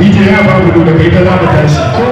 ita ya ba mu da kai ta tashi